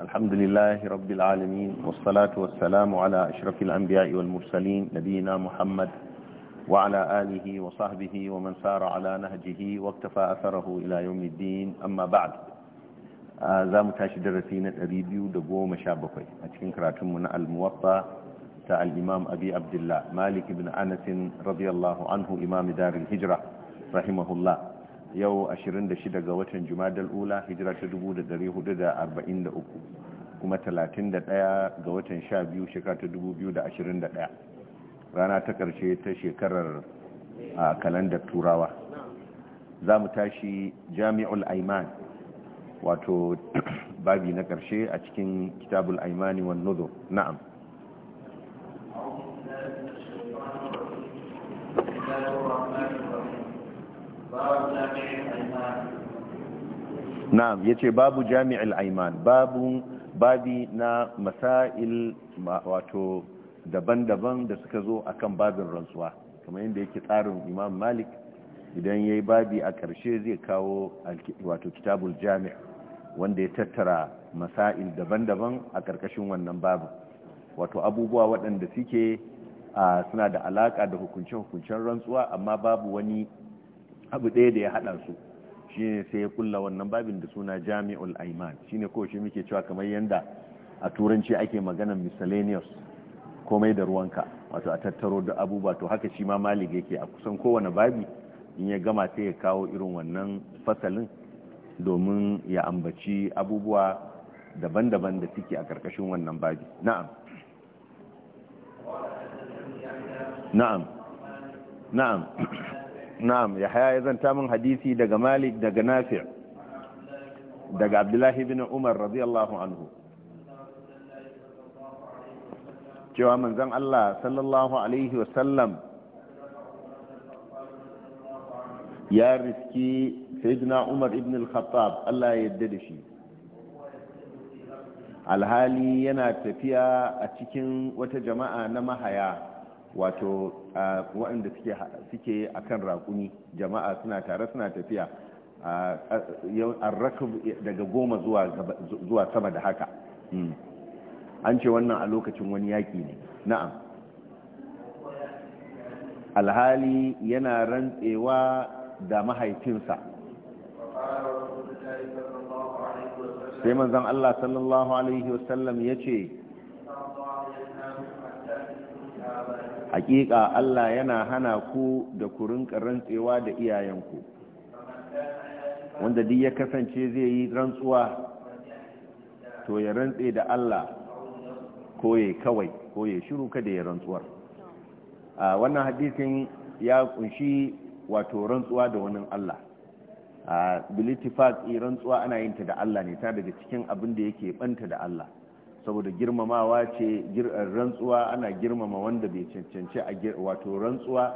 الحمد لله رب العالمين والصلاة والسلام على أشرف الأنبياء والمرسلين نبينا محمد وعلى آله وصحبه ومن سار على نهجه واكتفى أثره إلى يوم الدين أما بعد آه، زام تاشد الرسينة أبيبيو دقو مشابقي أتكين كراتمنا الموطة تاع الإمام أبي عبد الله مالك بن أنس رضي الله عنه إمام دار الهجرة رحمه الله yau 26 ga watan jumadal ula hijira ta 1443 kuma 31 ga watan 12 shekara ta 2021 rana ta karshe ta shekarar a kalandar turawa za mu tashi jami'ul aiman wato babi na karshe a cikin kitabul aimani wan nuzur na'am na'am yace babu jami'il aiman babu babi na masail wato daban-daban da suka zo a kan babin rantsuwa kamar yadda yake tsarin imam malik idan ya yi babi a ƙarshe zai kawo wato kitabul jami' wanda ya tattara masail daban-daban a ƙarƙashin wannan babu wato abubuwa waɗanda suke suna da alaƙa da hukuncin hukuncen rantsuwa amma babu wani abu ɗaya da ya haɗa su shi ne sai ya kulla wannan babin da suna jami'ul aiman shi ne ko shi muke cewa kamar yadda a turanci ake maganar miscellaneous komai da ruwanka wato a tattaro da abubuwa to haka shi ma malik yake a kusan kowane babi in ya gama sai ya kawo irin wannan fasalin domin ya ambaci abubuwa daban-daban da suke a ƙarƙashin wannan babi na'am na'am na'am na'am Yahaya ya zanta min hadisi daga malik daga nafi' daga abdullahi bin umar radiyallahu anhu cewa manzon Allah sallallahu alaihi wasallam ya riski sayyidina umar ibn al-khattab Allah ya yarda da shi alhali yana tafiya a cikin wata jama'a na mahaya wato waɗanda suke a kan raƙumi jama'a suna tare suna tafiya a daga goma zuwa sama da haka hmm. an ce wannan a lokacin wani yaƙi ne na'am alhali yana rantsewa da mahaifinsa sai manzan Allah sallallahu Alaihi wasallam ya ce hakika Allah yana hana ku da ku rinka rantsewa da iyayenku wanda duk ya kasance zai yi rantsuwa to ya rantse da Allah ko ya kawai ko ya shiru kada ya rantsuwar a wannan hadisin ya kunshi wato rantsuwa da wani Allah a bilitifat rantsuwa ana yin ta da Allah ne ta daga cikin abin da yake banta da Allah saboda girmamawa ce rantsuwa ana girmama wanda bai cancanci a wato rantsuwa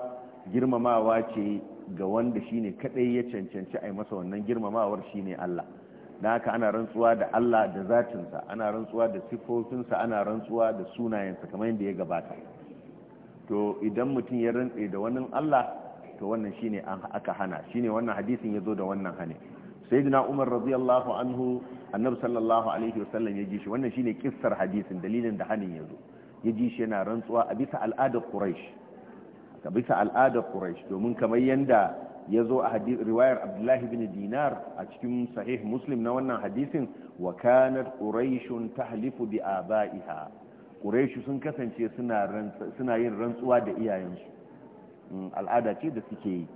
girmamawa ce ga wanda shine kadai ya cancanci a yi masa wannan girmamawar shine Allah na haka ana rantsuwa da Allah da zatinsa ana rantsuwa da sifofinsa ana rantsuwa da sunayensa kamar yadda ya gabata to idan mutum ya rantse da wannan Allah to wannan shine aka hana shine wannan hadisin ya zo da wannan hane sayyidina umar radiyallahu anhu annabi sallallahu alaihi wasallam ya ji shi wannan shine kissar hadisin dalilin da hanin yazo ya ji shi yana rantsuwa a bisa al'adar quraish a bisa al'adar quraish domin kamar yanda ya zo a riwayar abdullahi bin dinar a cikin sahih muslim na wannan hadisin wa kanat quraishun tahlifu bi abaiha quraishu sun kasance suna suna yin rantsuwa da iyayensu mm, al'ada ce da suke yi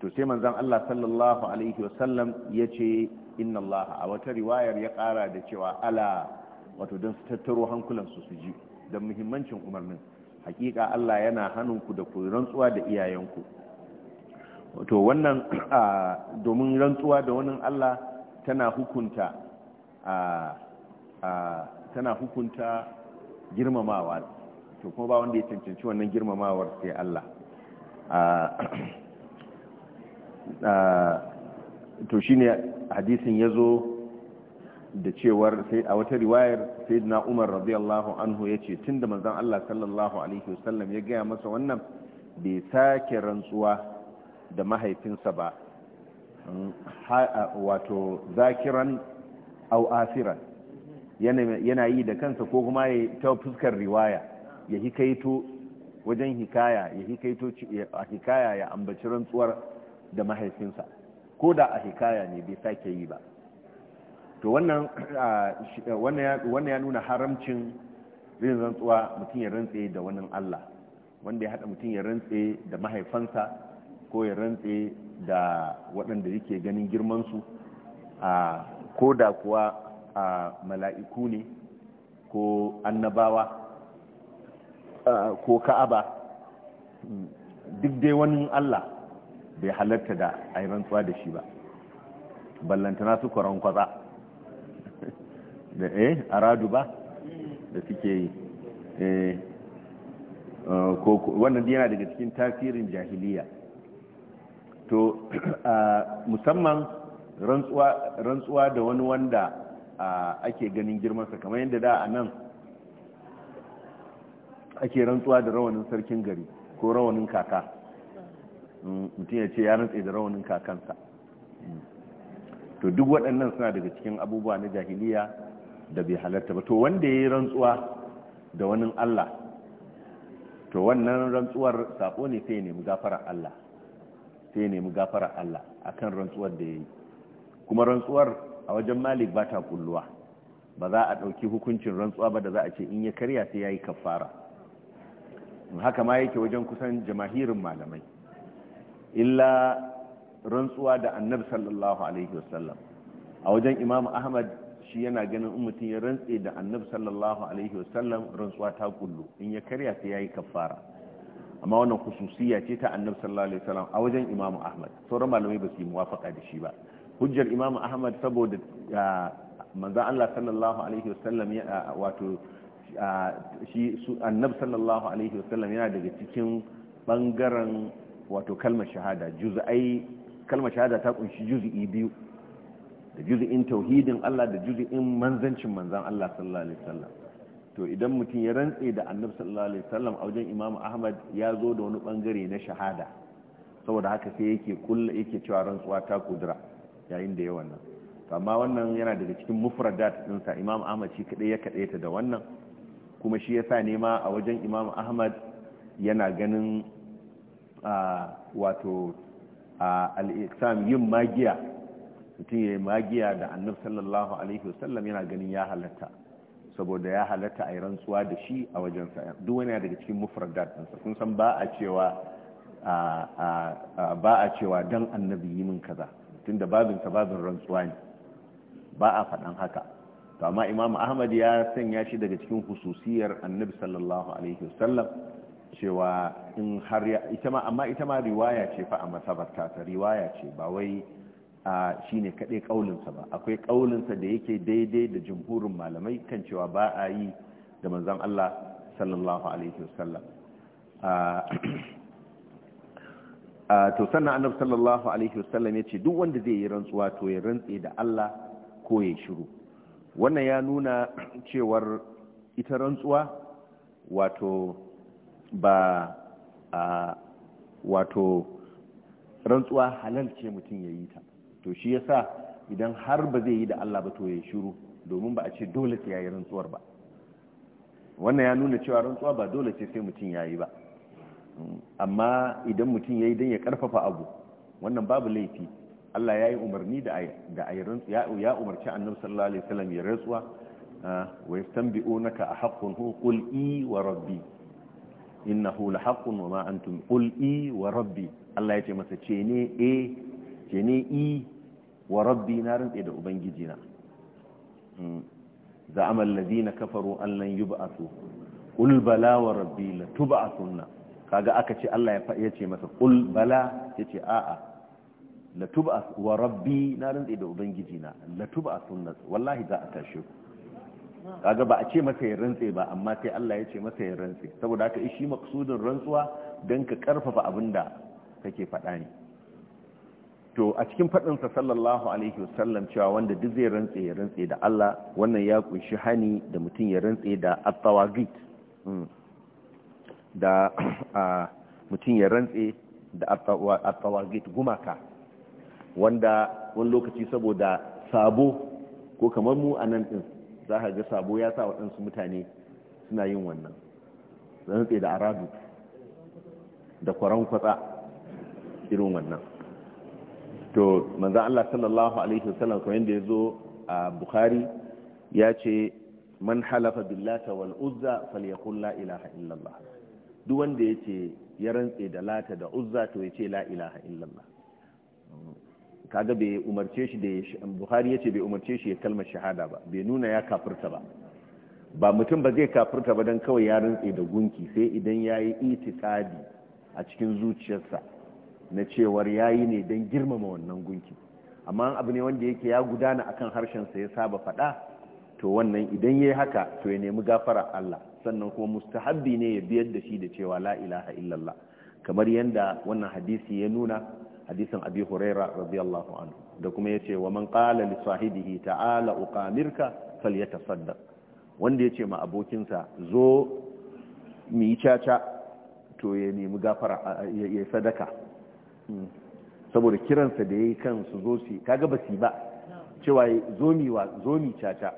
to sai manzon Allah sallallahu alaihi wasallam ya ce inna Allah a wata riwayar ya kara da cewa ala wato don su tattaro hankulansu su ji don muhimmancin umarnin hakika Allah yana hannunku da ku rantsuwa da iyayenku wato wannan domin rantsuwa da wannan Allah tana hukunta tana hukunta girmamawa to kuma ba wanda ya cancanci wannan girmamawar sai Allah to shi ne hadisin ya zo da cewar sai a wata riwayar na Umar radiyallahu anhu tun da mazan Allah sallallahu alaihi wasallam ya gaya masa wannan bai sake rantsuwa da mahaifinsa ba hmm, wato zakiran au asiran yana yi da kansa ko kuma ya ta fuskar riwaya ya hikaito wajen hikaya ya hikaito a hikaya ya ambaci rantsuwar da mahaifinsa ko da a hikaya ne bai sake yi ba to wannan ya nuna haramcin rin rantsuwa mutum ya rantse da wannan Allah wanda ya haɗa mutum ya rantse da mahaifansa ko ya rantse da waɗanda yake ganin girmansu ko da kuwa a mala'iku ne ko annabawa ko ka'aba hmm, duk dai wani Allah bai halarta da a yi rantsuwa da shi ba ballantana su kwaron kwaza da eh aradu ba da suke yi eh, uh, wannan yana daga cikin tasirin jahiliya to musamman rantsuwa da wani wanda ake ganin girmansa kamar yadda da a nan ake rantsuwa da rawanin sarkin gari ko rawanin kaka mutum ya ce ya rantse da rawanin kakansa to duk waɗannan suna daga cikin abubuwa na jahiliya da bai halarta ba to wanda ya yi rantsuwa da wani Allah to wannan rantsuwar saƙo ne sai ya nemi gafarar Allah sai ya nemi gafarar Allah akan rantsuwar da ya yi kuma rantsuwar a wajen malik ba ta kulluwa ba za a ɗauki hukuncin rantsuwa ba da za a ce in ya karya sai ya yi kafara haka ma yake wajen kusan jamahirin malamai illa rantsuwa da annabi sallallahu alaihi wasallam a wajen imam ahmad shi yana ganin in mutum ya rantse da annabi sallallahu alaihi wasallam rantsuwa ta kullu in ya karya sai yayi kafara amma wannan khususiya ce ta annabi sallallahu alaihi wasallam a wajen imam ahmad sauran malamai ba su yi muwafaka da shi ba hujjar imam ahmad saboda manzon Allah sallallahu alaihi wasallam ya wato shi annabi sallallahu alaihi wasallam yana daga cikin bangaren wato kalmar shahada juz'ai kalmar shahada ta kunshi juz'i biyu da juz'in tauhidin Allah da juz'in manzancin manzan Allah sallallahu alaihi wasallam to idan mutum ya rantse da annabi sallallahu alaihi wasallam a wajen Imam Ahmad ya zo da wani bangare na shahada saboda haka sai yake kulla yake cewa rantsuwa ta kudura yayin da ya wannan amma wannan yana daga cikin mufradat sa Imam Ahmad shi kadai ya kadaita da wannan kuma shi yasa nema a wajen Imam Ahmad yana ganin wato al'isam yin magiya mutum ya yi magiya da annab sallallahu alaihi wasallam yana ganin ya halatta saboda ya halatta a yi rantsuwa da shi a wajensa duk wani daga cikin mufradat ɗansa kun san ba a cewa don annabi yi min kaza da babinsa babin rantsuwa ne ba a faɗan haka amma imam ahmad ya sanya shi daga cikin hususiyar annabi sallallahu alaihi wasallam cewa in har ya ita ma amma ita ma riwaya ce fa a masabar ta riwaya ce ba wai shine ne kaɗai ƙaulinsa ba akwai kaulinsa da yake daidai da jumhurin malamai kan cewa ba a yi da manzon Allah sallallahu alaihi wasallam to sannan annabi sallallahu alaihi wasallam ya duk wanda zai yi rantsuwa to ya rantse da Allah ko ya shiru wannan ya nuna cewar ita rantsuwa wato ba a wato rantsuwa halal ce mutum ya yi ta to shi yasa idan har ba zai yi da Allah ba to ya shiru domin ba a ce dole sai ya yi rantsuwar ba wannan ya nuna cewa rantsuwa ba dole ce sai mutum ya yi ba amma idan mutum ya yi don ya karfafa abu wannan babu laifi Allah ya yi umarni da a yi ya umarci annabi sallallahu alaihi wasallam ya rantsuwa wa yastanbi'unaka ahaqqun hu qul i wa rabbi innahu lahaqqun wa ma antum qul i wa rabbi Allah ya ce masa ce ne A e, ce ne i wa rabbi na rantsa da ubangiji na hmm. amal ladina kafaru an lan yub'athu qul bala wa rabbi la tub'athunna kaga aka ce Allah ya ce masa qul bala yace a'a la tub'ath wa rabbi na rantsa da ubangiji na la tub'athunna wallahi za a tashi ku kaga ba a ce masa ya rantse ba amma sai Allah ya ce masa ya rantse saboda haka shi maksudin rantsuwa don ka karfafa abinda da kake faɗa ne to a cikin sa sallallahu alaihi wasallam cewa wanda duk zai rantse ya rantse da Allah wannan ya kunshi hani da mutum ya rantse da at-tawagit hmm. da mutum ya rantse da at-tawagit gumaka wanda wani lokaci saboda sabo ko kamar mu a nan din za ka ga sabo ya sa waɗansu mutane suna yin wannan tsaye da aradu da kwaran kwatsa irin wannan to manzan Allah sallallahu alaihi wasallam kamar yadda ya zo a bukhari ya ce man halafa billata wal uzza fal falyakul la ilaha illallah duk wanda ya ce ya rantse da lata da uzza to ya ce la ilaha illallah kaga bai umarce shi da buhari ya ce bai umarce shi ya kalmar shahada ba bai nuna ya kafirta ba ba mutum ba zai kafirta ba don kawai ya rantse da gunki sai idan ya yi itikadi a cikin zuciyarsa na cewar ya yi ne don girmama wannan gunki amma abu ne wanda yake ya gudana akan harshensa ya saba faɗa to wannan idan ya yi haka to ya nemi gafara Allah sannan kuma mustahabbi ne ya biyar da shi da cewa la ilaha illallah kamar yadda wannan hadisi ya nuna hadisin abi huraira radiyallahu anhu da kuma yace wa man qala li sahibihi ta'ala uqamirka falyatasaddaq wanda yace ma abokinsa zo mu yi caca to ya nemi gafara ya sadaka hmm. saboda kiransa da yayi kan su zo su kaga basi ba cewa zo mi wa zo mi caca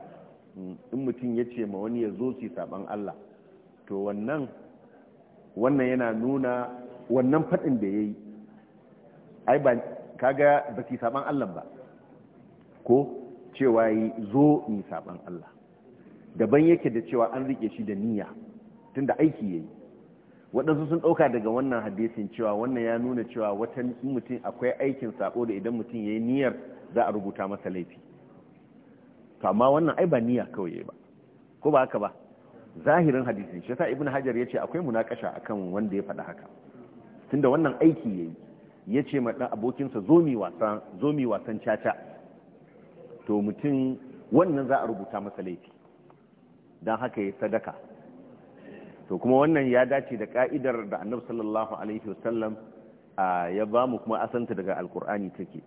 hmm. in mutum yace ma wani ya zo su saban Allah to wannan wannan yana nuna wannan fadin da yayi ai ba kaga ba su saban Allah ba ko cewa yi zo ni saban Allah daban yake da cewa an rike shi da niyya tunda aiki yayi waɗansu sun ɗauka daga wannan hadisin cewa wannan ya nuna cewa wata mutum akwai aikin sako da idan mutum ya yi niyyar za a rubuta masa laifi to amma wannan ai ba niyya kawai ba ko ba haka ba zahirin hadisin shi yasa ibn hajar yace akwai munakasha akan wanda ya faɗa haka tunda wannan aiki yayi ya ce ma abokinsa zo mi wasan caca to mutum wannan za a rubuta masa laifi don haka ya sadaka to kuma wannan ya dace da ka'idar da annabi sallallahu alaihi wasallam ya ba mu kuma asanta daga alkur'ani take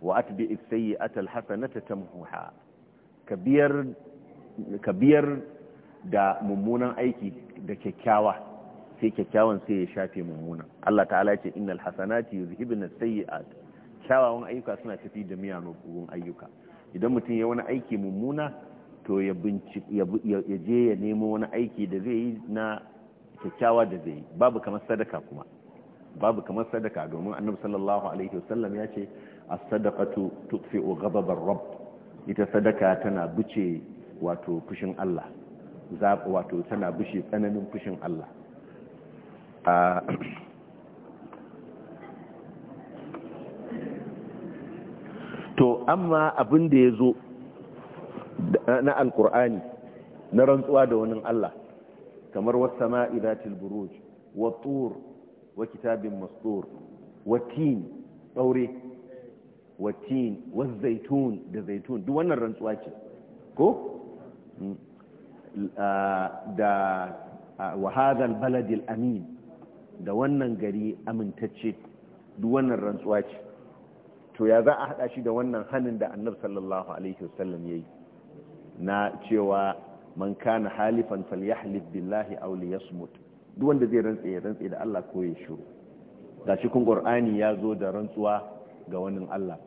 wa atbi as-sayyi'ata al-hasanata tamhuha ka biyar da mummunan aiki da kyakkyawa sai kyakkyawan sai ya shafe mummuna Allah ta'ala ce innal hasanati yuzhibun yi a kyawawan ayyuka suna tafi da miyagun ayyuka idan mutum ya wani aiki mummuna to ya je ya nemo wani aiki da zai yi na kyakkyawa da zai yi babu kamar sadaka kuma babu kamar sadaka domin annabi sallallahu alaihi wasallam ya ce as-sadaqatu tutfi'u ghadab rabb ita sadaka tana buce wato fushin Allah wato tana bushe tsananin fushin Allah to amma abin da ya zo na alkur'ani na rantsuwa da wani Allah kamar wata ma'idatil buruj wa tur wa kitabin mastur wa tin ɗaure wa tin wa zaitun da zaitun duk wannan rantsuwa ce ko? Mm. da wa hadal baladil amin da wannan gari amintacce duk wannan rantsuwa ce to ya za a hada shi da wannan hannun da annabi sallallahu alaihi wasallam yayi na cewa man kana halifan falyahlif billahi Auli liyasmut duk wanda zai rantse, ya rantsa da Allah ko ya shiru shi kun qur'ani ya zo da rantsuwa ga wannan Allah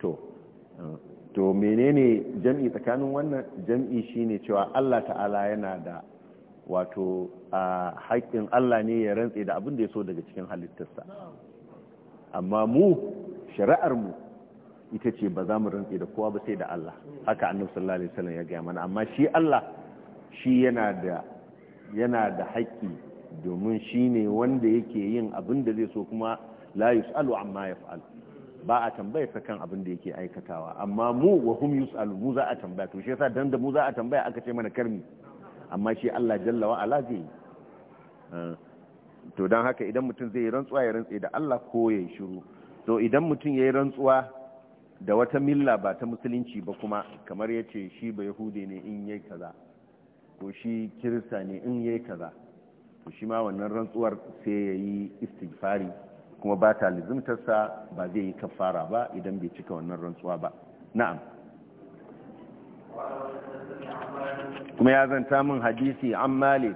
to to menene jam'i tsakanin wannan jam'i shine cewa Allah ta'ala yana da wato a haƙƙin Allah ne ya rantse da abin da ya so daga cikin halittarsa amma mu shari'ar mu ita ce ba za mu rantse da kowa ba sai da Allah haka annabi sallallahu alaihi wasallam ya ga mana amma shi Allah shi yana da yana da haƙƙi domin shi ne wanda yake yin abin da zai so kuma la yus'alu amma yaf'al ba a tambaya sa kan abin da yake aikatawa amma mu wa hum yus'alu mu za a tambaya to shi yasa dan da mu za a tambaya aka ce mana karmi amma shi Allah jalla wa ala zai ah, to don haka idan mutum zai yi rantsuwa ya rantsa da Allah ko ya shiru to idan mutum ya yi rantsuwa da wata milla ba ta musulunci ba kuma kamar ya ce shi ba yahudi ne in yi kaza ko shi kirista ne in yayi kaza to shi ma wannan rantsuwar sai ya yi istighfari kuma ba ta lizimtarsa ba zai yi kafara ba idan bai cika wannan rantsuwa ba na'am kuma ya zanta min hadisi an malik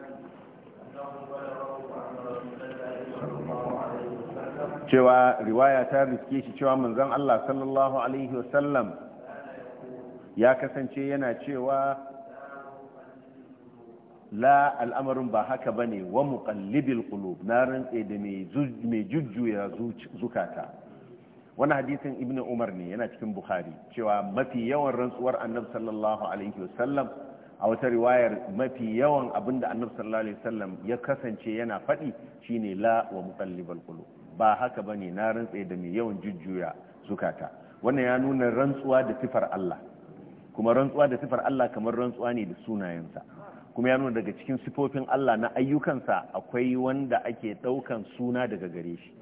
cewa riwaya ta riske shi cewa manzon Allah sallallahu alaihi wasallam ya kasance yana cewa la al'amarin ba haka ba ne wa muqallibil qulub na rantse da mai jujjuya zukata wani hadisin ibnu umar ne yana cikin bukhari cewa mafi yawan rantsuwar annabi sallallahu alaihi wasallam a wata riwayar mafi yawan abin da annabi sallallahu alaihi wasallam ya kasance yana faɗi shine la wa muqallibal qulub ba haka bane na rantsa da mai yawan jujjuya zukata wannan ya nuna rantsuwa da sifar Allah kuma rantsuwa da sifar Allah kamar rantsuwa ne da sunayensa kuma ya nuna daga cikin sifofin Allah na ayyukansa akwai wanda ake daukan suna daga gare shi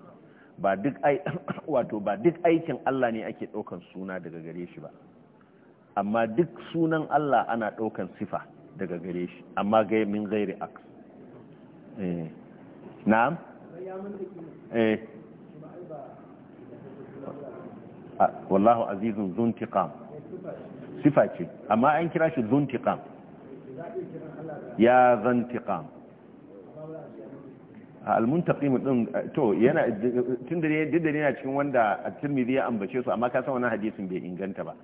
ba duk wato ba duk aikin Allah ne ake ɗaukan suna daga gare shi ba amma duk sunan Allah ana ɗaukan sifa daga gare shi amma ga min zaire aks eh. na'am eh. wallahu azizun zuntiqam sifa ce amma an kira shi zuntiqam ya zuntiqam al-muntaqim din to yana tunda ne yana cikin wanda at-Tirmidhi ya ambace su amma ka san wannan hadisin bai inganta ba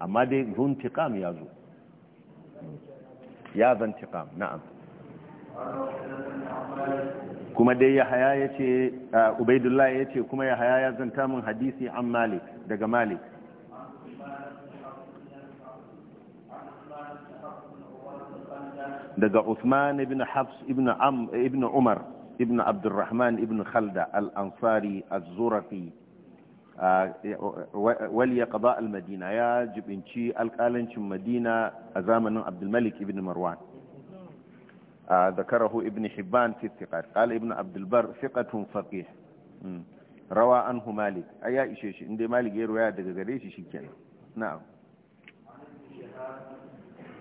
amma dai zuntiqam ya zo ya zantiqam na'am kuma dai yahaya ubaidullahi ya ce kuma yahaya ya zanta min hadisi an malik daga malik daga usman ibn Hafs ibn Am ibn Umar ibn Abdurrahman ibn Khalda al-Ansari az-Zurafi Wali ya qada al madina ya jibinci alƙalancin madina a zamanin abdulmalik ibn marwan da ذكره ابن حبان في Ibn قال ابن عبد البر rawa anhu Malik عنه مالك اي شيء Malik ya يروي daga gare shi shikenan na'am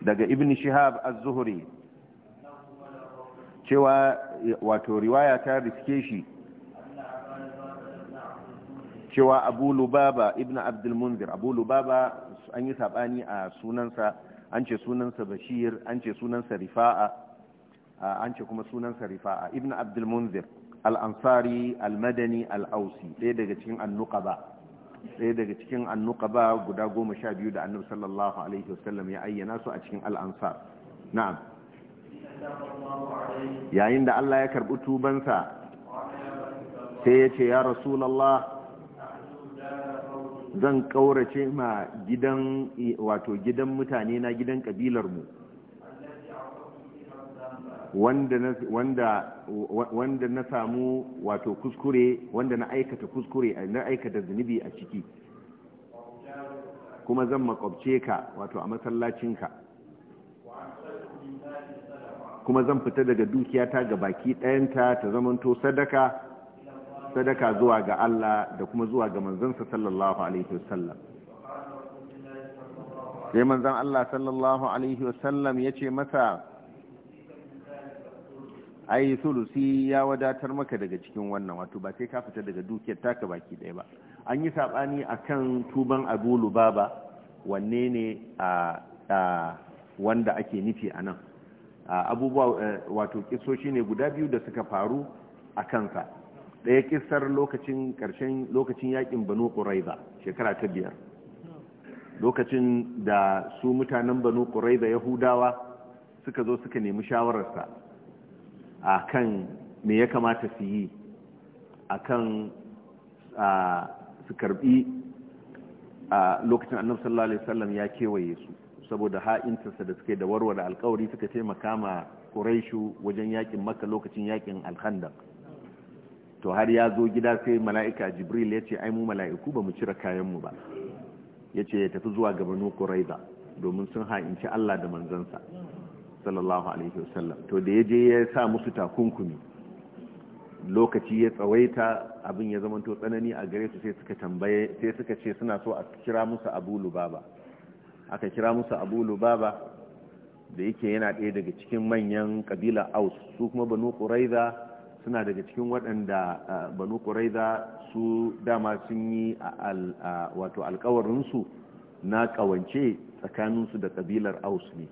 daga ibn shihab az-zuhri cewa wato riwaya ta riske shi cewa abu lubaba ibn abdul munzir abu lubaba an yi saɓani a sunansa an ce sunansa bashir an ce sunansa rifa'a an ce kuma sunansa rifa'a ibn abdul munzir al-ansari al-madani al-ausi ɗaya daga cikin annuqaba ɗaya daga cikin annuqaba guda goma sha biyu da annabi sallallahu alaihi wasallam ya ayyana su a cikin al'ansar na'am yayin da Allah ya karɓi tubansa sai ya ce ya rasulallah zan kaurace ma gidan wato gidan mutane na gidan kabilar mu wanda wanda na samu wato kuskure wanda na aikata kuskure na aikata zunubi a ciki kuma zan makwabce ka wato a masallacinka kuma zan fita daga dukiyata ga baki ɗayanta ta zamanto sadaka sadaka zuwa ga Allah da kuma zuwa ga manzansa sallallahu alaihi wasallam sai manzan Allah sallallahu alaihi wasallam ya ce masa ai sulusi ya wadatar maka daga cikin wannan wato ba sai ka fita daga dukiyar taka baki ɗaya ba an yi saɓani a kan tuban abu lubaba wanne ne a wanda ake nufi a nan abubuwa eh, wato kisoshi ne guda biyu da suka faru a kansa ɗaya kisar lokacin ƙarshen lokacin yakin banu ƙuraiza shekara ta biyar lokacin da su mutanen banu ƙuraiza yahudawa suka zo suka nemi shawararsa a kan me ya kamata su yi a kan su karbi a lokacin annabi sallallahu alaihi wasallam ya kewaye su saboda ha'intarsa da suke da warware alkawari suka taimaka ma ƙuraishu wajen yaƙin maka lokacin yaƙin alhandan. to har ya zo gida sai mala'ika jibril ya ce ai mu mala'iku ba mu cire kayanmu ba ya ce ya tafi zuwa gabanu kuraiza domin sun ha'inci allah da manzansa sallallahu alaihi wasallam to da ya je ya sa musu takunkumi lokaci ya tsawaita abin ya zama to tsanani a gare su sai suka tambaye sai suka ce suna so a kira musu abu lubaba aka kira musu abu lubaba da yake yana ɗaya daga cikin manyan kabila aus su kuma banu kuraiza suna daga cikin waɗanda banu ƙuraiza su dama sun yi wato alkawarinsu na ƙawance tsakaninsu da ƙabilar aus ne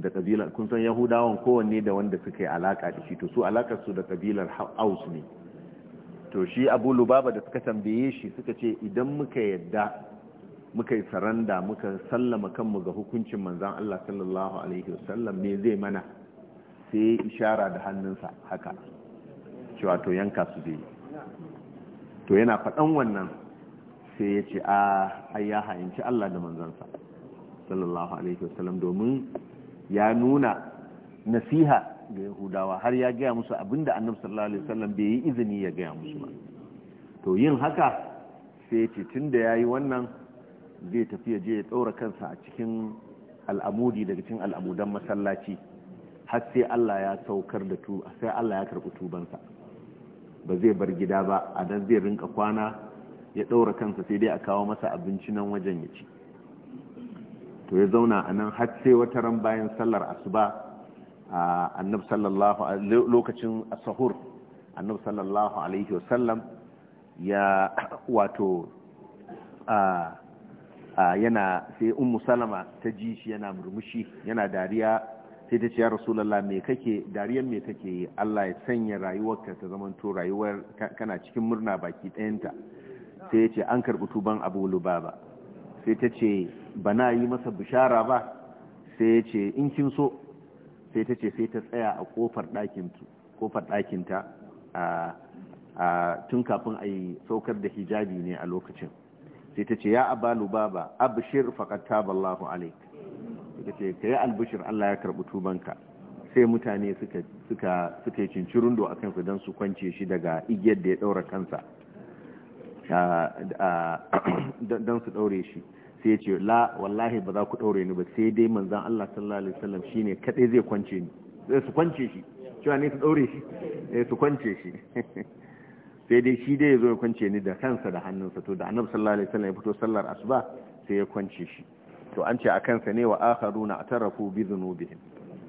da ƙabilar kun san yahudawan kowanne da wanda suka yi alaƙa da shi to su alaƙarsu da ƙabilar aus ne to shi abu lubaba da suka tambaye shi suka ce idan muka yadda muka yi saranda muka sallama kanmu ga hukuncin manzan Allah sallallahu alaihi wasallam me zai mana sai ya ishara da hannunsa haka cewa to yanka su zai to yana faɗan wannan sai ya ce a ayya ha'inci Allah da manzansa sallallahu alaihi wasallam domin ya nuna nasiha ga yahudawa har ya gaya musu abinda annabi sallallahu alaihi wasallam bai yi izini ya gaya musu ba to yin haka sai ya ce tunda yayi wannan zai tafi ya je ya ɗaura kansa a cikin al'amudi daga cikin al'amudan masallaci har sai Allah ya saukar da tu sai Allah ya karbi tubansa ba zai bar gida ba a nan zai rinka kwana ya ɗaura kansa sai dai a kawo masa abinci nan wajen ya ci to ya zauna a nan har sai wata ran bayan sallar asuba a annab sallallahu lokacin sahur annab sallallahu alaihi wasallam ya wato yana sai ummu salama ta ji shi yana murmushi yana dariya sai ta ce ya rasulallah me kake dariyar me kake yi Allah ya sanya rayuwarka ta zama to rayuwar kana cikin murna baki ɗayanta sai ya ce an karɓi tuban abu lubaba sai ta ce ba yi masa bishara ba sai ya ce in kin so sai ta ce sai ta tsaya a kofar ɗakinta tun kafin a yi saukar da hijabi ne a lokacin sai ta ce ya abalu baba abshir faqad taballahu alaik suka ce ka yi albishir Allah ya karɓi tubanka sai mutane suka yi cincirundo a kansa don su kwance shi daga igiyar da ya ɗaura kansa don su ɗaure shi sai ya ce la wallahi ba za ku ɗaure ni ba sai dai manzan Allah sallallahu alaihi wasallam shine kadai zai kwance ni zai su kwance shi cewa ne su ɗaure shi eh, su kwance shi sai dai shi dai ya zo ya kwance ni da kansa da hannunsa to da annabi sallallahu alaihi wasallam ya fito sallar asuba sai ya kwance shi to an ce a kansa ne wa na atarafu bi zunubihim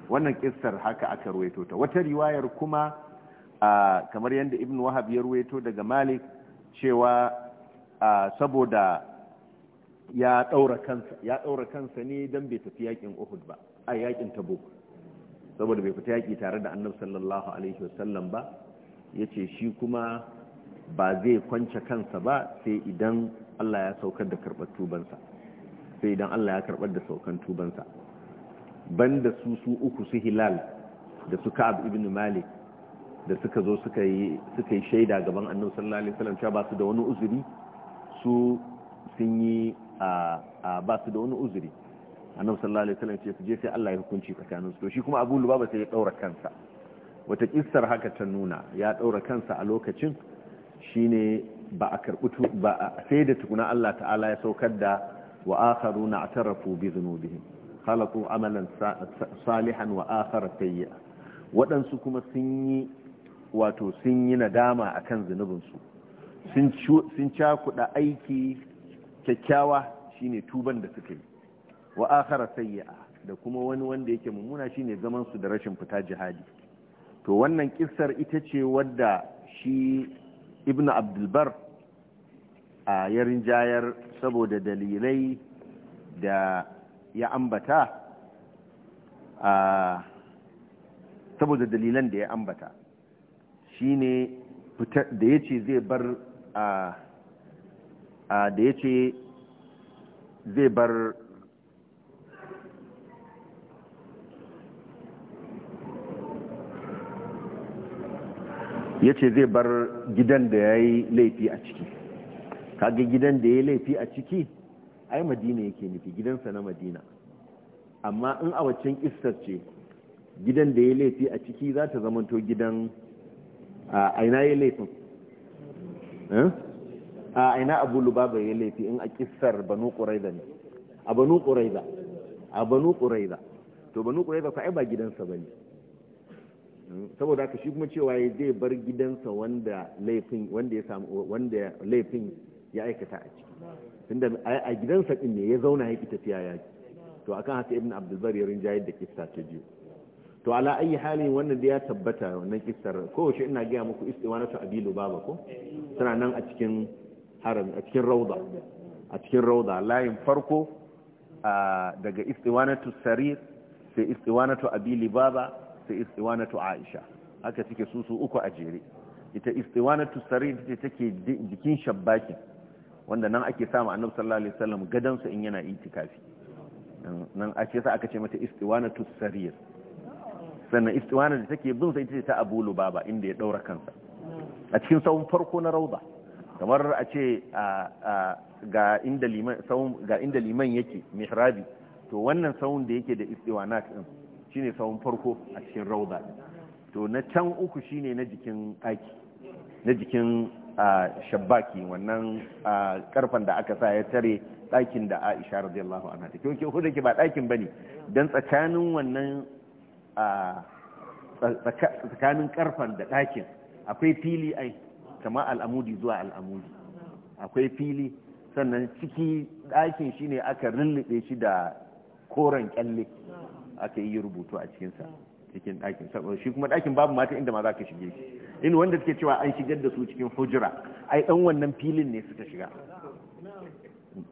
wannan kissar haka aka ruwaito ta wata riwayar kuma kamar yadda ibn wahab ya ruwaito daga malik cewa saboda ya daura kansa ya daura kansa ne dan bai tafi yakin uhud ba a yakin tabuk saboda bai fita yaki tare da annabi sallallahu alaihi wasallam ba yace shi kuma ba zai kwance kansa ba sai idan Allah ya saukar da karɓar tubansa sai idan Allah ya karɓar da saukan tubansa banda su su uku su hilal da su ka'ab ibn malik da suka zo suka yi shaida gaban annabi sallallahu alaihi wasallam cewa ba su da wani uzuri su sun yi a ba su da wani uzuri annabi sallallahu alaihi wasallam ce su je sai Allah ya hukunci tsakanin su to shi kuma Abu Lubaba sai ya daura kansa wata kissar haka ta nuna ya daura kansa a lokacin shine ba a karbutu ba sai da tukuna Allah ta'ala ya saukar da وآخرون اعترفوا بذنوبهم خلطوا عملا salihan وآخر سيئا wadansu kuma sun yi wato sun yi nadama a kan su sun cakuɗa aiki kyakkyawa shine tuban da suka yi wa akhara sayya'a da kuma wani wanda yake mummuna shine zaman su da rashin fita jihadi to wannan kissar ita ce wadda shi ibnu abdulbar a yarin jayar saboda dalilai da ya ambata a saboda dalilan da ya ambata shi ne da ya ce zai bar a da ya ce zai bar ya ce zai bar gidan da ya yi laifi a ciki kaga gidan da ya laifi a ciki ai madina yake nufi gidansa na madina amma in a waccan kistar ce gidan da ya laifi a ciki za ta zamanto gidan a aina ya laifin eh? a aina abu lubaba ya laifi in a kistar banu ƙuraiza ne a banu ƙuraiza a banu ƙuraiza to banu ƙuraiza ka ai ba gidansa ba ne saboda haka shi kuma cewa zai bar gidansa wanda laifin wanda ya samu wanda laifin ya aikata a ciki tunda a gidansa din ne ya zauna ya tafiya yaki to akan haka ibn abdulbar ya jayyid da kissa ta biyu to ala ayi halin wannan da ya tabbata wannan kissar kowace ina gaya muku ta abilu baba ko tana nan a cikin haram a cikin rawda a cikin rawda layin farko daga tu sarir sai tu abili baba sai tu aisha haka suke susu uku a jere ita tu sarir ce take jikin shabbakin wanda nan ake samu annabi sallallahu alaihi wasallam gadansa in yana itikafi nan a ce sa aka ce mata istiwanatu sarir sannan istiwana da take bin sa ita ce ta Abu Lubaba inda ya daura kansa a cikin sawun farko na rauda kamar a ce ga inda liman sawun ga inda liman yake mihrabi to wannan sawun da yake da istiwana din shine sawun farko a cikin rauda to na can uku shine na jikin aki na jikin A shabbaki wannan karfan da aka sa ya tare ɗakin da aisha radiyallahu anha ta kyau ko ke ba ɗakin ba ne don tsakanin wannan tsakanin karfan da ɗakin akwai fili ai kama al'amudi zuwa al'amudi akwai fili sannan ciki ɗakin shine aka rullube shi da koren kyalle aka yi rubutu a cikinsa cikin ɗakin saboda shi kuma ɗakin babu mata inda ma za ka shige shi in wanda suke cewa an shigar da su cikin hujira ai ɗan wannan filin ne suka shiga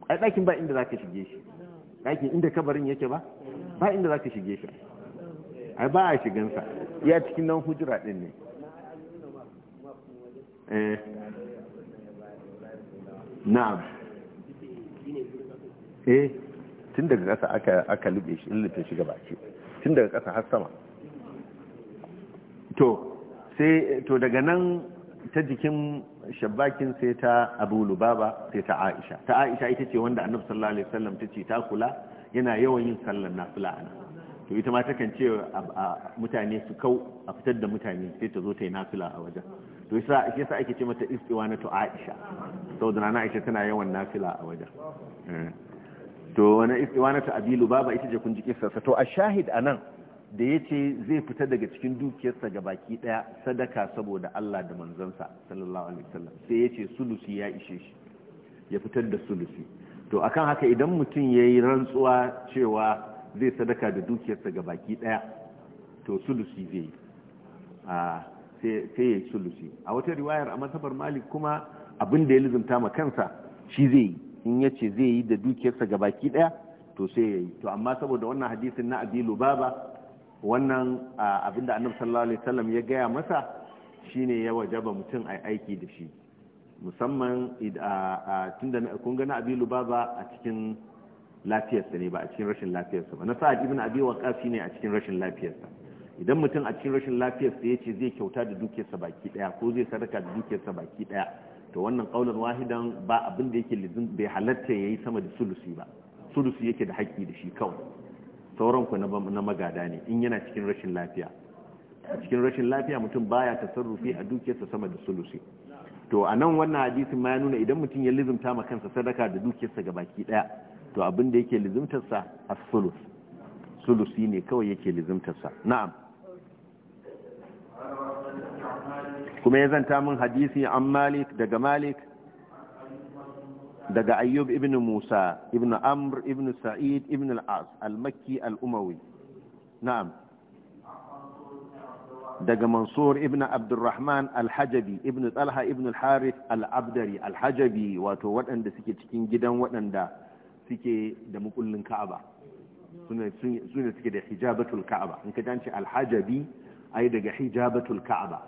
ai ɗakin ba inda za ka shige shi ɗakin inda kabarin yake ba ba inda za ka shige shi ai ba a shigansa ya cikin nan hujira ɗin ne eh. na'am eh tun daga ƙasa aka lube shi lufe shi gaba ce tun daga ƙasa har sama to sai to daga nan ta jikin shabakin sai ta abu lubaba sai ta aisha ta aisha ita ce wanda annabi sallallahu alaihi wasallam ta ce ta kula yana yawan yin sallar nafila a nan to ita ma kan ce mutane su kau a fitar da mutane sai ta zo ta yi nafila a wajen to yasa yasa ake ce mata istiwa na to aisha saboda nana aisha tana yawan nafila a wajen eh. to wani istiwa na ta abilu baba ita je kun ji kissa to a shahid anan da ya ce zai fita daga cikin dukiyarsa ga baki daya sadaka saboda Allah da manzansa sallallahu alaihi wasallam sai ya ce sulusi ya ishe shi ya fitar da sulusi to akan haka idan mutum ya yi rantsuwa cewa zai sadaka da dukiyarsa ga baki daya to sulusi zai yi sai ya yi sulusi a wata riwayar a masabar malik kuma abin da ya lizumta ma kansa shi zai yi in ya ce zai yi da dukiyarsa ga baki daya to sai ya yi to amma saboda wannan hadisin na abi lubaba wannan abinda annabi sallallahu alaihi wasallam ya gaya masa shine ya wajaba mutum ai aiki da shi musamman tunda kun ga na abi lubaba a cikin lafiyarsa ne ba a cikin rashin lafiyarsa ba na sa'ad ibn abi waqas ne a cikin rashin lafiyarsa idan mutum a cikin rashin lafiyarsa yace zai kyauta da dukiyarsa baki daya ko zai sadaka da dukiyarsa baki daya to wannan qaulan wahidan ba abin da yake lizin bai halatta yayi sama da sulusi ba sulusi yake da haƙƙi da shi kawai sauran ku na magada ne in yana cikin rashin lafiya a cikin rashin lafiya mutum baya tasarrufi a dukiyarsa sama da sulusi to a nan wannan hadisin ma ya nuna idan mutum ya lizumta ma kansa sadaka da dukiyarsa ga baki daya to abin da yake lizumtarsa a sulus sulusi ne kawai yake lizumtarsa na'am kuma ya zanta min hadisi an malik daga malik daga ayyub ibn musa ibn amr ibn sa'id ibn al'as as al-makki al-umawi na'am daga mansur ibn abdurrahman al-hajabi ibn talha ibn al-harith al-abdari al-hajabi wato waɗanda suke cikin gidan waɗanda suke da mukullin ka'aba sune suke da hijabatul ka'aba in ka janci al-hajabi ai daga hijabatul ka'aba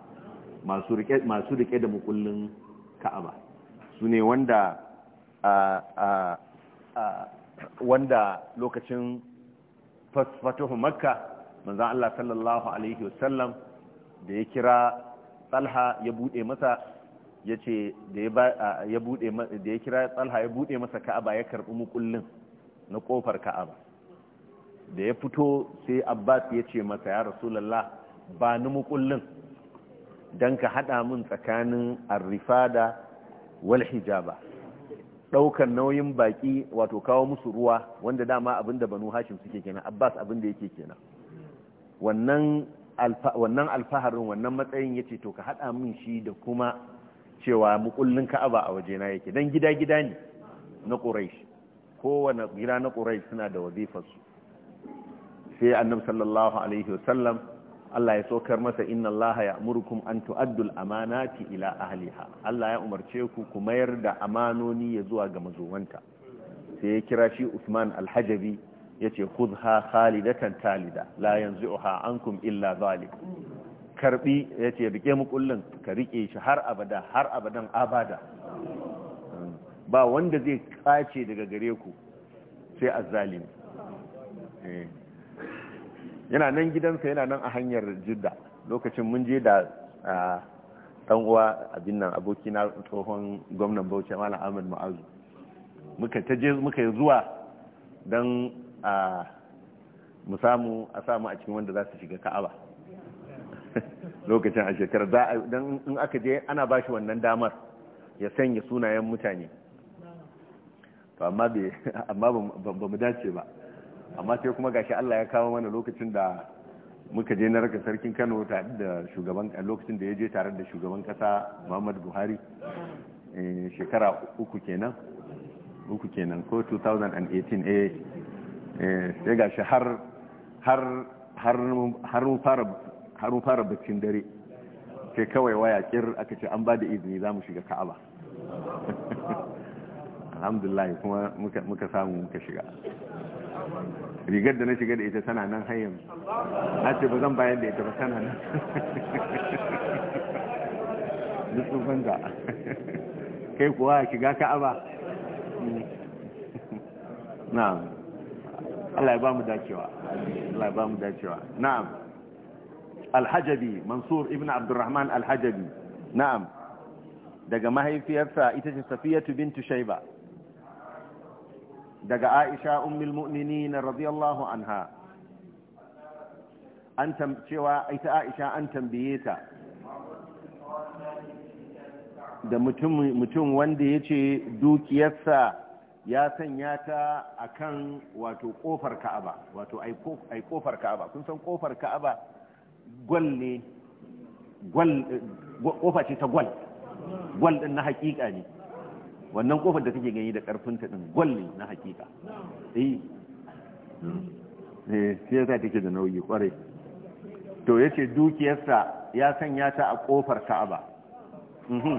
masu rike da mukullin ka'aba su ne wanda wanda lokacin fatuhu makka manzan Allah sallallahu alaihi wasallam da ya kira tsalha ya bude masa ya ce da ya kira tsalha ya bude masa ka'aba ya karbi mukullin na kofar ka'aba da ya fito sai abbas ya ce masa ya rasulallah ba ni mukullin don ka hada min tsakanin arrifada wal hijaba Daukan nauyin baƙi wato kawo musu ruwa wanda dama abinda da banu hashim suke kenan abbas abinda yake kenan wannan alfaharin wannan matsayin ya ce to ka haɗa min shi da kuma cewa mukullin ka'aba a waje na yake dan gida-gida ne na ƙuraish kowane gida na quraish suna da su. sai annabi sallallahu alaihi wasallam Allah ya saukar masa inna Allah ya amurkum an tu'addul amanati ila ahliha Allah ya umarce ku ku mayar da amanoni ya zuwa ga mazomanta sai ya kira shi Usman al-Hajabi yace khudha khalidatan talida la yanzuha ankum illa zalik karbi yace rike mu kullun ka rike shi har abada har abadan abada ba wanda zai kace daga gare ku sai azzalimi eh yana nan gidansa yana nan a hanyar jidda lokacin mun je da dan uwa abin nan aboki na tsohon gwamnan bauchi malam ahmad ma'azu muka taje muka yi zuwa don a mu samu a samu a cikin wanda za su shiga ka'aba lokacin a shekarar za a don in aka je ana ba shi wannan damar ya sanya sunayen mutane amma ba mu dace ba amma sai kuma gashi Allah ya kawo mana lokacin da muka je na raka sarkin Kano tare da shugaban lokacin da ya je tare da shugaban kasa Muhammadu Buhari eh, shekara uku kenan uku kenan ko 2018 eh, eh sai gashi har har har har mun fara har mun fara baccin dare sai kawai waya kir aka ce an ba da izini za mu shiga Ka'aba alhamdulillah kuma muka samu muka shiga rigar da na shiga da ita tana nan har yanzu na ce ba zan bayan da ita ba tana nan duk banza kai kuwa shiga ka'aba na'am Allah ya ba mu dacewa Allah ya ba mu dacewa na'am alhajabi mansur ibn abdurrahman alhajabi na'am daga mahaifiyarsa ita ce safiyatu bintu shaiba daga Aisha ummul mu'minin radiyallahu anha an cewa ita Aisha an tambaye ta da mutum mutum wanda ya ce dukiyarsa ya sanya ta akan wato kofar ka'aba wato ai kofar ka'aba kun san kofar ka'aba gwal ne gwal kofa eh, ce ta gwal gwal din na hakika ne wannan kofar da kake gani da karfin ta din gwal na hakika eh eh sai ta take da nauyi kwarai to yace dukiyarsa ya sanya ta a kofar Ka'aba mhm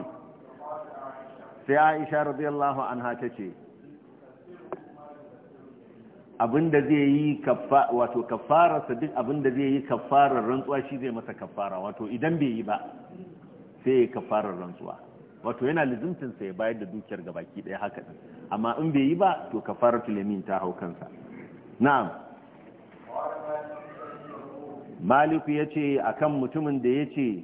sai Aisha radiyallahu anha tace abinda zai yi kaffa wato kaffara sa duk abinda zai yi kaffarar rantsuwa shi zai masa kaffara wato idan bai yi ba sai kaffarar rantsuwa wato yana lizimcin sa ya bayar da dukiyar ga baki daya haka din amma in bai yi ba to kafaratul yamin ta hau kansa na'am maliku yace akan mutumin da yace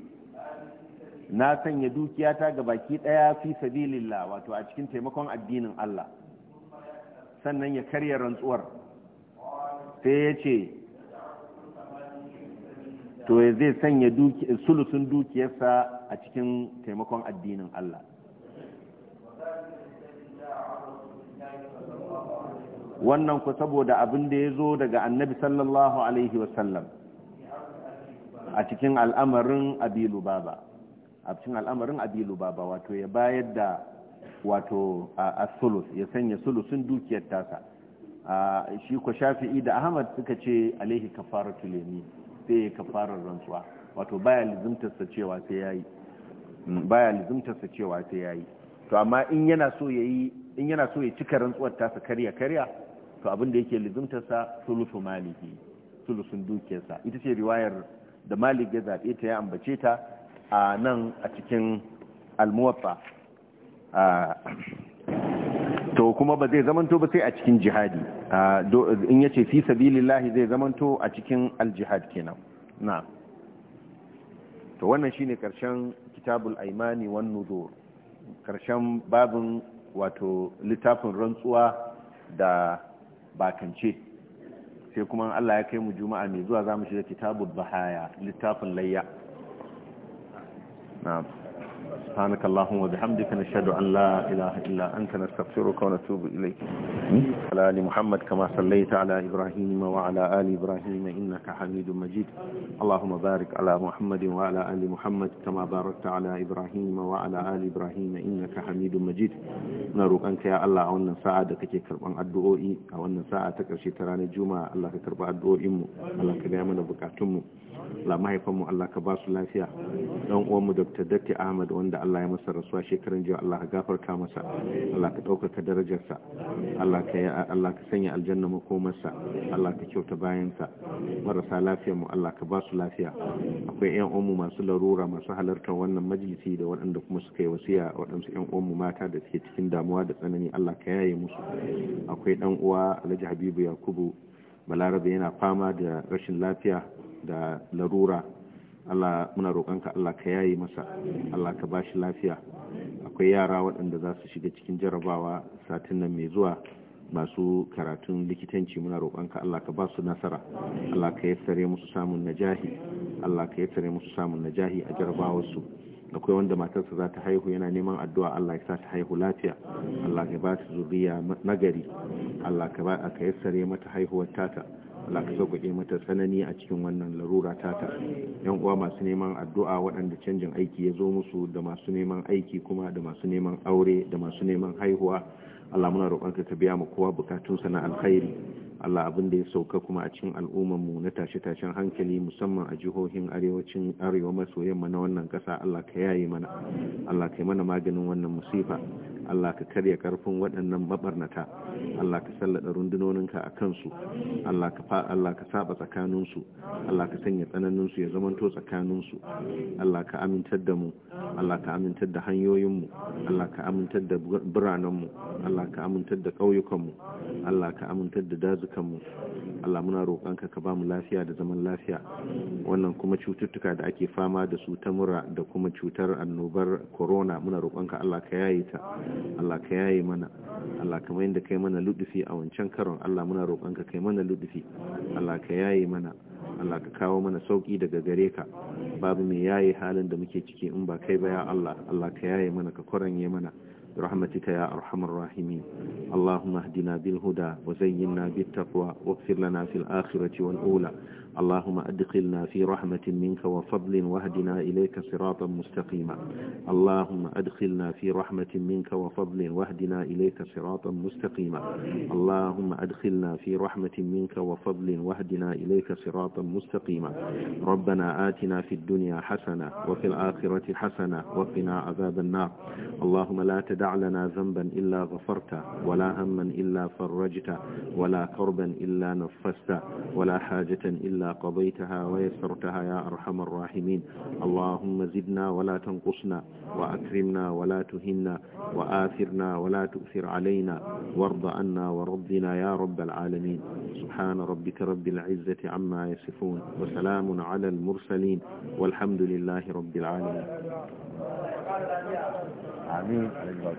na sanya dukiyata ga baki daya fi sabilillah wato a cikin taimakon addinin Allah sannan ya karya rantsuwar sai yace to zai sanya sulusun dukiyarsa a cikin taimakon addinin Allah wannan ku saboda abin da ya zo daga annabi sallallahu alaihi wasallam a cikin al'amarin abilu baba a cikin al'amarin abilu baba wato ya bayar da wato a sulus ya sanya sulusun dukiyar tasa shi ku shafi'i da ahmad suka ce alaihi kafaratu lemin sai ya kafarar rantsuwa wato baya lizimtarsa cewa sai yayi baya lizimtarsa cewa sai yayi to amma in yana so yayi in yana so ya cika rantsuwar tasa karya karya to abin da yake lizimtarsa sulusu maliki sulusun dukiyarsa ita ce riwayar da malik ya zaɓe ta ya ambace ta a nan a cikin almuwaffa ah, to kuma ba zai zamanto ba sai a cikin jihadi in yace fi sabilillahi zai zamanto a cikin aljihad kenan na to wannan shine karshen kitabul aimani wan nuzur karshen babin wato littafin rantsuwa da bakance sai kuma Allah ya kai mu juma'a mai zuwa zamu shiga kitabul bahaya littafin layya na'am سبحانك اللهم وبحمدك نشهد أن لا إله إلا أنت نستغفرك ونتوب إليك على آل محمد كما صليت على إبراهيم وعلى آل إبراهيم إنك حميد مجيد اللهم بارك على محمد وعلى آل محمد كما باركت على إبراهيم وعلى آل إبراهيم إنك حميد مجيد نروك أنك يا الله أولا ساعة كي كربان الدعوئي أولا ساعة تكرشي تراني جمعة الله كربان الدعوئي الله كربان بكاتمه la mahaifanmu Allah ka ba lafiya dan uwanmu Dr. Datti Ahmad wanda Allah ya masa rasuwa shekaran jiya Allah ka gafarta masa Allah ka ɗaukaka darajarsa Allah ka Allah ka sanya aljanna makomarsa Allah ka kyauta bayansa marasa lafiya mu Allah ka ba lafiya akwai ƴan uwanmu masu larura masu halartar wannan majalisi da waɗanda kuma suka yi wasiya waɗansu ƴan uwanmu mata da suke cikin damuwa da tsanani Allah ka yaye musu akwai ɗan uwa Alhaji Habibu Yakubu balarabe yana fama da rashin lafiya da larura Allah muna roƙonka Allah ka yayi masa Allah ka bashi lafiya akwai yara waɗanda za su shiga cikin jarabawa satin nan mai zuwa masu karatun likitanci muna roƙonka Allah ka ba su nasara Allah ka yassare musu samun najahi Allah ka yassare musu samun najahi a jarabawarsu akwai wanda matarsa za ta haihu yana neman addu'a Allah ya sa ta haihu lafiya Allah ka ba ta zuriya nagari Allah ka ba ka yassare mata haihuwar tata Allah ka sauƙaƙe mata tsanani a cikin wannan larura tata yan uwa masu neman addu'a waɗanda canjin aiki ya zo musu da masu neman aiki kuma da masu neman aure da masu neman haihuwa Allah muna roƙonka ka biya mu kowa bukatunsa na alkhairi Allah abin da ya sauka kuma a cikin al'ummarmu na tashe-tashen hankali musamman a jihohin arewacin arewa maso yamma na wannan ƙasa Allah ka yayi mana Allah ka yi mana maganin wannan musifa Allah ka karya karfin waɗannan mabarnata Allah ka sallada rundunoninka a kansu Allah ka fa Allah ka saba tsakaninsu Allah ka sanya tsananinsu ya zamanto tsakaninsu Allah ka amintar da mu Allah ka amintar da hanyoyinmu Allah ka amintar da biranenmu Allah ka amintar da ƙauyukanmu Allah ka amintar da dazu kanmu Allah muna roƙonka ka ba mu lafiya da zaman lafiya wannan kuma cututtuka da ake fama da su ta mura da kuma cutar annobar corona muna roƙonka Allah ka yaye ta Allah ka yaye mana Allah kamar yadda kai mana ludufi a wancan karon Allah muna roƙonka kai mana ludufi Allah ka yaye mana Allah ka kawo mana sauki daga gare ka babu mai yaye halin da muke ciki in ba kai ba ya Allah Allah ka yaye mana ka kwaranye mana برحمتك يا أرحم الراحمين اللهم اهدنا بالهدى وزينا بالتقوى واغفر لنا في الآخرة والأولى اللهم أدخلنا في رحمة منك وفضل واهدنا إليك صراطا مستقيما اللهم أدخلنا في رحمة منك وفضل واهدنا إليك صراطا مستقيما اللهم أدخلنا في رحمة منك وفضل واهدنا إليك صراطا مستقيما ربنا آتنا في الدنيا حسنة وفي الآخرة حسنة وقنا عذاب النار اللهم لا تدع لنا ذنبا إلا غفرته ولا هما إلا فرجته ولا كربا إلا نفسته ولا حاجة إلا قضيتها ويسرتها يا أرحم الراحمين اللهم زدنا ولا تنقصنا وأكرمنا ولا تهنا وآثرنا ولا تؤثر علينا وارض عنا وربنا يا رب العالمين سبحان ربك رب العزة عما يصفون وسلام على المرسلين والحمد لله رب العالمين آمين